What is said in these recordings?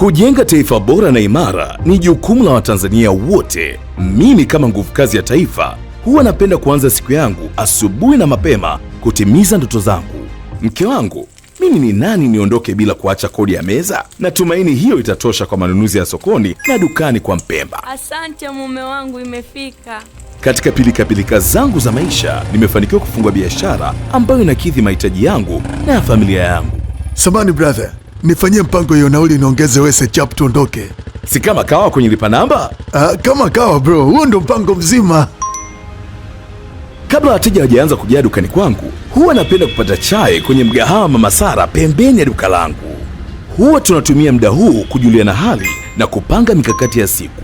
Kujenga taifa bora na imara ni jukumu la Watanzania wote. Mimi kama nguvu kazi ya taifa huwa napenda kuanza siku yangu asubuhi na mapema kutimiza ndoto zangu. Mke wangu, mimi ni nani niondoke bila kuacha kodi ya meza? Natumaini hiyo itatosha kwa manunuzi ya sokoni na dukani kwa Mpemba. Asante mume wangu, imefika. Katika pilikapilika zangu za maisha nimefanikiwa kufungua biashara ambayo inakidhi mahitaji yangu na ya familia yangu. Samani brother, nifanyie mpango hiyo nauli niongeze wese chap tuondoke. Si kama kawa kwenye lipa namba? Ah, kama kawa bro, huo ndo mpango mzima. Kabla wateja wajaanza kujaa dukani kwangu, huwa napenda kupata chai kwenye mgahawa Mama Sara pembeni ya duka langu. Huwa tunatumia muda huu kujuliana hali na kupanga mikakati ya siku.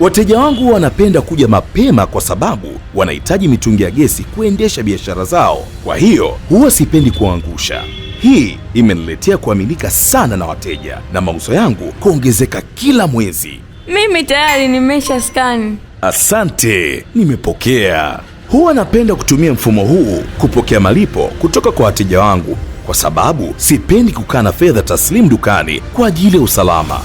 Wateja wangu wanapenda kuja mapema kwa sababu wanahitaji mitungi ya gesi kuendesha biashara zao, kwa hiyo huwa sipendi kuangusha. Hii imeniletea kuaminika sana na wateja na mauzo yangu kuongezeka kila mwezi. Mimi tayari nimesha skani. Asante, nimepokea. Huwa napenda kutumia mfumo huu kupokea malipo kutoka kwa wateja wangu kwa sababu sipendi kukaa na fedha taslimu dukani kwa ajili ya usalama.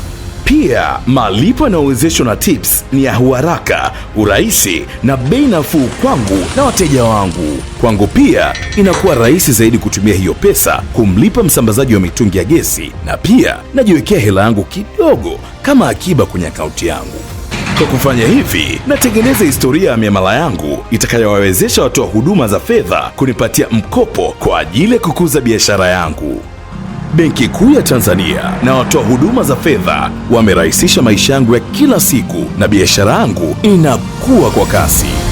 Pia malipo yanayowezeshwa na TIPS ni ya uharaka, urahisi na bei nafuu kwangu na wateja wangu. Kwangu pia inakuwa rahisi zaidi kutumia hiyo pesa kumlipa msambazaji wa mitungi ya gesi, na pia najiwekea hela yangu kidogo kama akiba kwenye akaunti yangu. Kwa kufanya hivi natengeneza historia ya miamala yangu itakayowawezesha watoa huduma za fedha kunipatia mkopo kwa ajili ya kukuza biashara yangu. Benki Kuu ya Tanzania na watoa huduma za fedha wamerahisisha maisha yangu ya kila siku na biashara yangu inakuwa kwa kasi.